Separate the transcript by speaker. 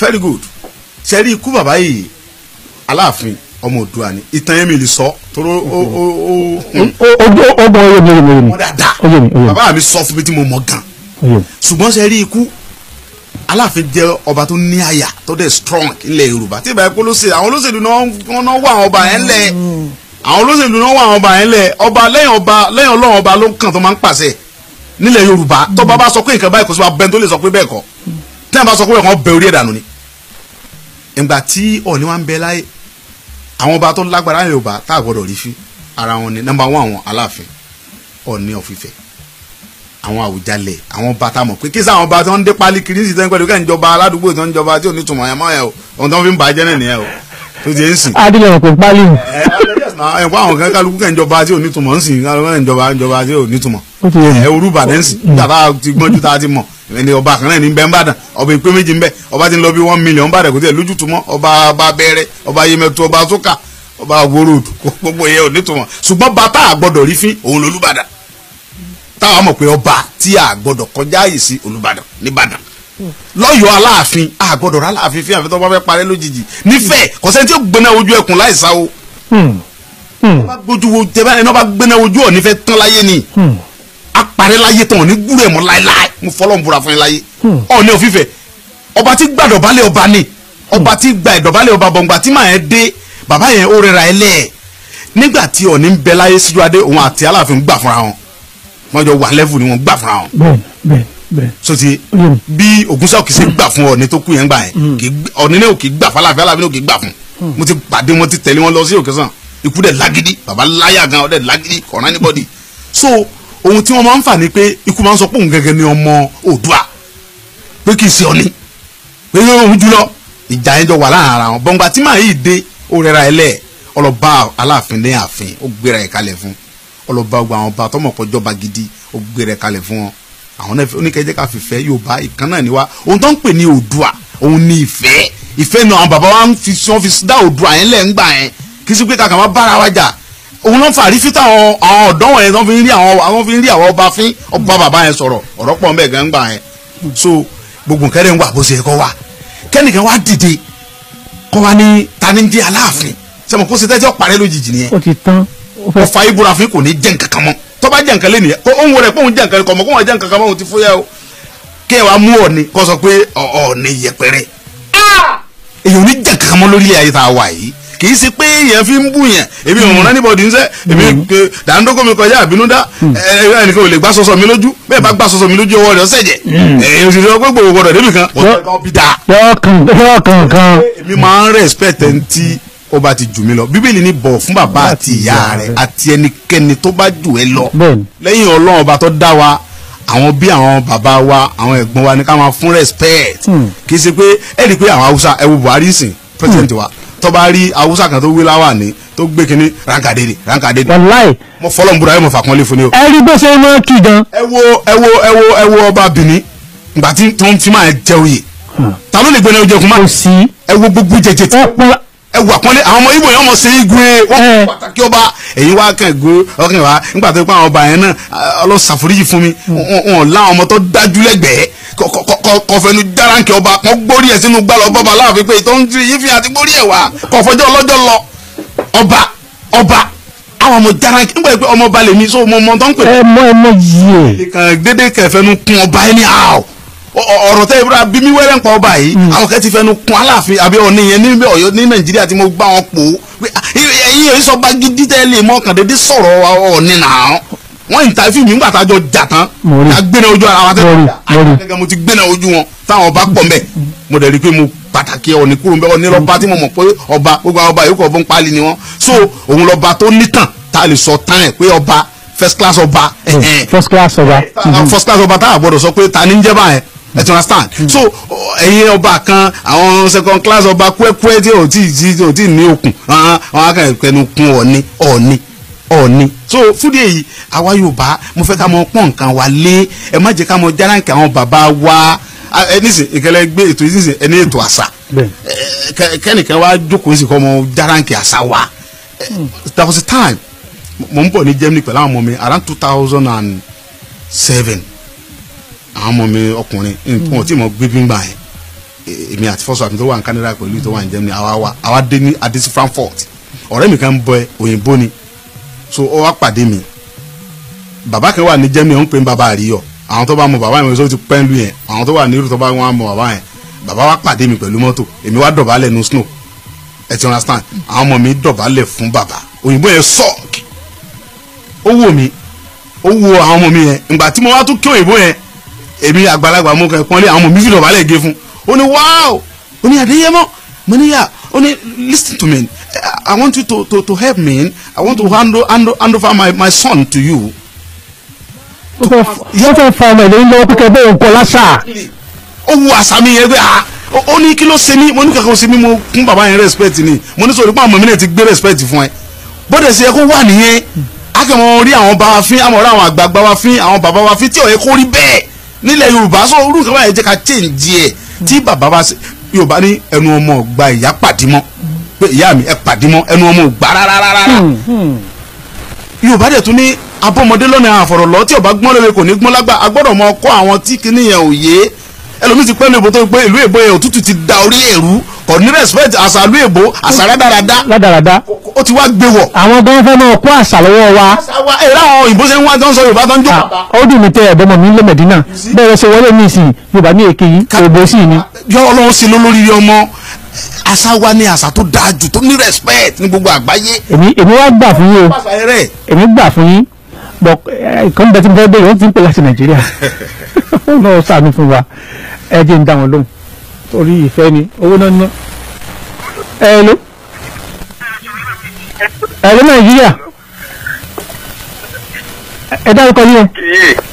Speaker 1: very good ṣe rí ikú bàbá yìí aláàfin ọmọ òdua ni ìtàn yẹn mi lè sọ tóró ó ó ó. ó bọ ó bọ oyè mi oyè mi. mo dada bàbá mi sọ fún mi tí mo mọ gan. ṣùgbọ́n ṣe rí ikú aláàfin jẹ ọba tó ní àyà tó dẹ̀ strong ilẹ̀ yorùbá tí ìbá ẹ̀kọ́ ló ṣe àwọn olóṣèlú náà wà àwọn ọba yẹn lẹ̀ àwọn olóṣèlú náà wà àwọn ọba yẹn lẹ̀ ọba lẹ́yìn ọba lẹ́yìn ọlọ́run ọba ló kàn tó máa ń pàṣẹ nílẹ̀ yorùbá tọ́ba bá sọ pé nǹkan báyìí kò sí wa bẹ́ẹ̀ tó lè sọ pé bẹ́ẹ̀ kọ́ tí wọ́n bá sọ pé bẹ́ẹ̀ kọ́ bẹ orí ẹ̀ dànù ni ìgbà tí Ọọ̀ni wa ń bẹ láyé àwọn ọba tó lágbára Yorùbá tá a rí fi ara wọn ni nọ́mbà wọn àwọn Aláàfin Ọọ̀ni of Ifẹ̀ àwọn Àwùjalẹ̀ àwọn ọba tá a mọ̀ pé kí sáwọn ọba tó ń dé pálí kiri sí tẹ́ńpẹ́lú kẹ́ ń jọba aládùúgbò tó ń jọba tí ò ní tùmọ̀ ẹ̀ mọ́ ẹ̀ o ohun tó ń fi ń bàjẹ́ náà nìyẹn o tó ti ń sìn. adìyẹ kò pálí ẹ ẹ àwọn kálukú kẹ́ ń jọba tí ò ní tùmọ̀ ń sìn kálukú kẹ́ ń jọba tí ò ní tùmọ̀ ẹ orúbà náà ń sìn mm ẹni ọba kan náà ní bẹ́ẹ̀ ń bàdàn ọba ìpín méjì ń ọba ti ń lọ bí one million ń bàdàn kò tiẹ̀ lójútu mọ́ ọba ọba bẹ́ẹ̀rẹ́ ọba yemẹtu ọba sókà ọba àwòrò gbogbo yẹ onítùmọ̀ ṣùgbọ́n bàtà àgbọ̀dọ̀ rí fín òun lolúbàdàn táwa mọ̀ pé ọba tí àgbọ̀dọ̀ kọjá yìí sí olúbàdàn nìbàdàn lọ́yọ̀ọ́ aláàfin àgbọ̀dọ̀ aláàfin fi àfẹ́tọ́ bá fẹ́ parẹ́ lójijì nífẹ̀ẹ́ kọ̀sẹ́ tí ó gbéná ojú ẹkùn láìsáwo hmm. hmm. tẹ bá gbójú wo tẹ bá ẹni bá gbéná apàrẹ tán ní gbúrò ẹ̀ mọ́ láéláé mo fọlọ́n búra fún yín láyé hmm. ọ̀ọ́ni òfìfẹ́ ọba tí gbàdọ̀bálẹ̀ ọba ni ọba tí gba ìdọ̀bálẹ̀ ọba bọ̀ǹgbà tí màá yẹn dé bàbá yẹn ó rẹra ẹ lẹ́ẹ̀ nígbà tí ọ̀ọ́ni ń bẹ láyé síjú adé òun àti aláàfin gbà fúnra wọn wọn jọ wà lẹ́fù ni wọn gbà fúnra wọn. bẹ́ẹ̀ bẹ́ẹ̀ bẹ́ẹ̀. sotí ṣe gbà fún ọ̀ọ́ni tó kú yẹn gbà yẹn hmm. ọ̀ọ́ni náà kì gbà fún aláàfin aláàfin náà gbà fún hmm. mo ti pàdé wọn ti tẹ̀lé wọn lọ sí òkè sàn ikú dẹ̀ lágídí bàbá láyà gan ọ̀dẹ̀ lágídí ọ̀ràn anybody so ohun tí wọ́n máa ń fà ni pé ikú máa ń sọ pé òun gẹ́gẹ́ ni ọmọ Oòduà pé kì í ṣe ọ̀ni pé òun jùlọ ìjà yẹn jọ wà láàrin ara wọn bọ̀ǹgbà tí màá yìí dé ó rẹra ẹ lẹ̀ ọlọ́ba aláàfin ní ààfin ó gbéra ẹ̀ kalẹ̀ fún ọlọ́ba gba àwọn ọba tọmọ̀pọ̀ jọba gidi ó gbéra ẹ̀ kalẹ̀ fún wọn àwọn náà oníkẹ́jẹ́ ká fìfẹ́ Yorùbá ìkan náà ni wá ohun tó ń pè ní Oòduà òun ni ìfẹ́ ìfẹ́ náà àwọn bàbá wa ń fi sọ́n fi dá Oòduà yẹn lẹ̀ ń gbà yẹn kí sí kàkà má bára wa òun náà fàrí fítà àwọn àwọn ọ̀dọ́ wọn yẹn tó fi ń rí àwọn àwọn fi ń rí àwọn ọba fín ọba bàbá yẹn sọ̀rọ̀ ọ̀rọ̀ pọ̀ nbẹ̀ gan gbà yẹn so gbogbo kẹrẹ ń wà bó ṣe yẹ kó wà kẹ́nìkan wá dìde kó wá ní tani jẹ́ aláàfin sẹ́mu kó ṣètẹ́jẹ́ ọ̀parẹ́ lójijì nìyẹn ó ti tán ọ̀fà ibùra fún kò ní jẹ́ nǹkan kan mọ́ tó bá jẹ́ nǹkan lé nìyẹn kó òun wọlé pé òun jẹ́ nǹkan kọ̀ mọ́ kó òun o kí ẹ ah! jẹ́ nǹkan kan mọ́ lórílẹ̀ a wà yìí kì í ṣe pé èèyàn fi ń bù yàn èmi ò hmm. rán níbọ̀dì ńṣẹ́ èmi hmm. dàńdógó mi kọjá àbínúdá hmm. ẹnìkan ò lè gbá sọsọ mi lójú bẹ́ẹ̀ bá gbá sọsọ mi lójú ọwọ́ rẹ̀ ọ̀sẹ̀ jẹ̀ èyí ò sì sọ pé gbogbo gbọdọ̀ débi kan wọ́n ó bá ti jù mí lọ bíbélì ní bọ̀ fún bàbá àti ìyá rẹ̀ àti ẹnikẹ́ni tó bá jù ẹ lọ lẹ́yìn ọlọ́run ọba tó dá wa àwọn bí àwọn bàbá wa àwọn ẹ̀gbọ́n wa ní ká máa fún respect kì í ṣe pé ẹ rí i pé àwọn haúsá ẹ wo buhari sìn president wa tó bá rí awúsá kan tó wé láwàní tó gbé kínní ránkàdé ni wàláì. mo fọlọ́ nbúra yóò mọ̀ fàkànlé fún ni o. ẹ rí bó ṣe máa kí gan. ẹ wo ẹ wo ẹ wo ẹ wo ọba bìnní ìgbà tí tó ń ti máa jẹ oyè. Hmm. ta ló lè gbẹ́ni oúnjẹ kuma. kò sí. ẹ wo gbogbo jẹjẹ tí. ẹ wà pọ́nlé àwọn ọmọ ibo yẹn ọmọ ṣe igwe wọn pàtàkì ọba ẹ̀yin wá kàn gbó ọkàn wa nígbà tó pé àwọn ọba yẹn náà ọlọ́sàforíjì fún mi hmm. wọn ò ọmọ tó dájú lẹ́gbẹ̀ẹ́ kọfẹnu járánkì ọba kan gbórí ẹ sínú gbàlọ bọba láàfin pé ìtọ́ ń fi yín fi àti gbórí ẹ wá kọfọjọ́ ọlọ́jọ́ lọ ọba ọba àwọn ọmọ járánkì ń pé ọmọ ọba lèmi so mo mọ tó ń pè. ẹ mọ ẹ yìí o. kàn kẹfẹnu kun ọba ẹni àwọ ọ̀rọ̀ tẹ́ ìbúra bí mi wẹ́rẹ́ ń ọba yìí hmm. àwọn kẹ́ ti fẹnu kun aláàfin àbí ọ̀nì yẹn níbi ọ̀yọ́ ní nàìjíríà tí mo gbá wọn pò ó ẹ̀yin èyí sọ bá ọ̀nì nàá wọ́n interview mi nígbà jọ jà tán ká gbéná ojú ara wa tẹ́lẹ̀ gẹ́gẹ́ mo ti gbéná ojú wọn táwọn ọba pọ̀ mbẹ́ mo dẹ̀ rí pé mo pàtàkì ọ̀nì kúrò mbẹ́ ọ̀nì lọ́ba tí mo mọ̀ pé ọba gbogbo àwọn ọba yòókù ọ̀bọ̀n pálí ni wọ́n so òun lọ́ba tó nítàn tá a lè sọ tán ẹ̀ pé ọba first class ọba. Hmm. first class ọba. Eh, hmm. first class ọba tá a gbọ́dọ̀ sọ pé ta ni ń jẹ́ báyẹn hmm. ẹ ti understand so ẹ̀yin ọba kan àwọn second class ọba kúẹ́kúẹ́ tí ò tí ì ní okùn àwọn akẹ́kẹ́ nu kun ọ̀ni ọ̀ni ọ̀ọ́ni so fúdi èyí àwa Yorùbá mo fẹ́ ká mọ pọ́n nǹkan wa lé ẹ má jẹ́ ká mọ járáǹkì àwọn bàbá wa ẹ nísìn ìkẹlẹ gbé ètò yìí nísìn ẹ ní ètò àṣà kẹ́nìkan wa jókòó sí kọ́ mọ járáǹkì àṣà wa hmm. that was the time mo ń bọ̀ ní Germany pẹ̀lú àwọn ọmọ mi around two thousand and seven àwọn ọmọ mi ọkùnrin nǹkan tí mo gbé bí ń gbà yẹn èmi àti fọsọ àmì tó wà ní Canada pẹ̀lú tó wà ní Germany àwa àwa dé ní adesi Frankfurt ọ̀rẹ́ mi kan bọ òyìnbó ni so ó wá pàdé mi bàbá kan wà ní germany ó ń pè ní bàbá àríyọ àwọn tó bá mọ bàbá yẹn sọ ti pẹ́ lu yẹn àwọn tó wà ní irú tó bá wọn mọ bàbá yẹn bàbá wa pàdé mi pẹ̀lú mọ́tò èmi wá dọ̀bálẹ̀ nu snow ẹ ti understand àwọn ọmọ mi dọ̀bálẹ̀ fún bàbá òyìnbó yẹn sọ́ọ̀kì ó wò mí ó wo àwọn ọmọ mi yẹn ìgbà tí mo wá tún kí òyìnbó yẹn èmi àgbàlagbà mo kàn pọ́nlé àwọn ọmọ mi fi dọ̀bálẹ̀ gé fún ó ní wáò ó ní àdéyẹmọ́ mo níyà ó ní listen to me I want you to, to, to help me. I want to hand, hand, hand over my, my son to you. Wọ́n fẹ́ fa ọmọ ìlú lọ́wọ́ pípẹ́ bẹ́ẹ̀ nǹkan láṣà. Ó wu àṣà mi yẹn pé ó ah, ní kí ló ṣe mí mo ní kankan ṣe mí mo kún bàbá yẹn respect ni mo ní sọ̀rọ̀ pé àwọn mọ̀mí náà ti gbé respect fún ẹ. Bọ́dẹ̀ ṣe yẹ kó wà nìyẹn akẹ́wọ̀n rí àwọn bá wa fín àmọ́ rí àwọn àgbààgbà wa fín àwọn bàbá wa fín tí ó yẹ kó rí bẹ́ẹ̀ nílẹ̀ Yorùbá sọ orúkọ báyẹn jẹ́ ká change ẹ̀ tí bàbá wa Yorùbá ní ẹnu ọmọ ọgbà ìyá pàdé mọ́ pé ìyá mi ẹ pàdé mọ́ ẹnu ọmọ ò gbà hmm, hmm. yorùbá dẹ̀ tún ní abọ́mọdé lọ́nà àfọ̀rọ̀lọ́ tí ò gbọ́n lóore kò ní gbọ́n lágbà agbọ́dọ̀ mọ ọkọ àwọn tí kinní yẹn ò yé ẹlòmíì ti pẹ́ ní ìbò tó pé ìlú èbó yẹn òtútù ti da orí ẹ̀rú kò ní respect àṣà ìlú èbó àṣà rádaràda rádaràda ó ti wá gbé wọ̀. àwọn gan fẹ́ máa kó àṣà lọ́wọ́ wa. àṣà àwọn òyìnbó ṣe ń wá tó sọ yorùbá tó ń ah, ó dùn mí tẹ ẹ̀bọ́n mọ̀ mí lé mẹ̀dínà bẹ́ẹ̀ ṣe wọlé ní ìsìn yorùbá ní èké òbó sì ni. yọ ọlọ́run sí lólórí ọmọ àṣà wa ni àṣà tó dáa jù tó ní respect ní gbogbo àgbáyé. èmi èmi wá gbà fún yín o èmi gbà fún yín bọ ìkan eh, bẹ tí mo fẹ́ bẹ̀rẹ̀ wọ́n ti ń pè láti nàìjíríà ó náà sàánú fún wa ẹ jẹ́ ń dá wọn lóhùn torí ìfẹ́ ni owó náà ná ẹ ló ẹ ló nàìjíríà ẹ dárúkọ yín o.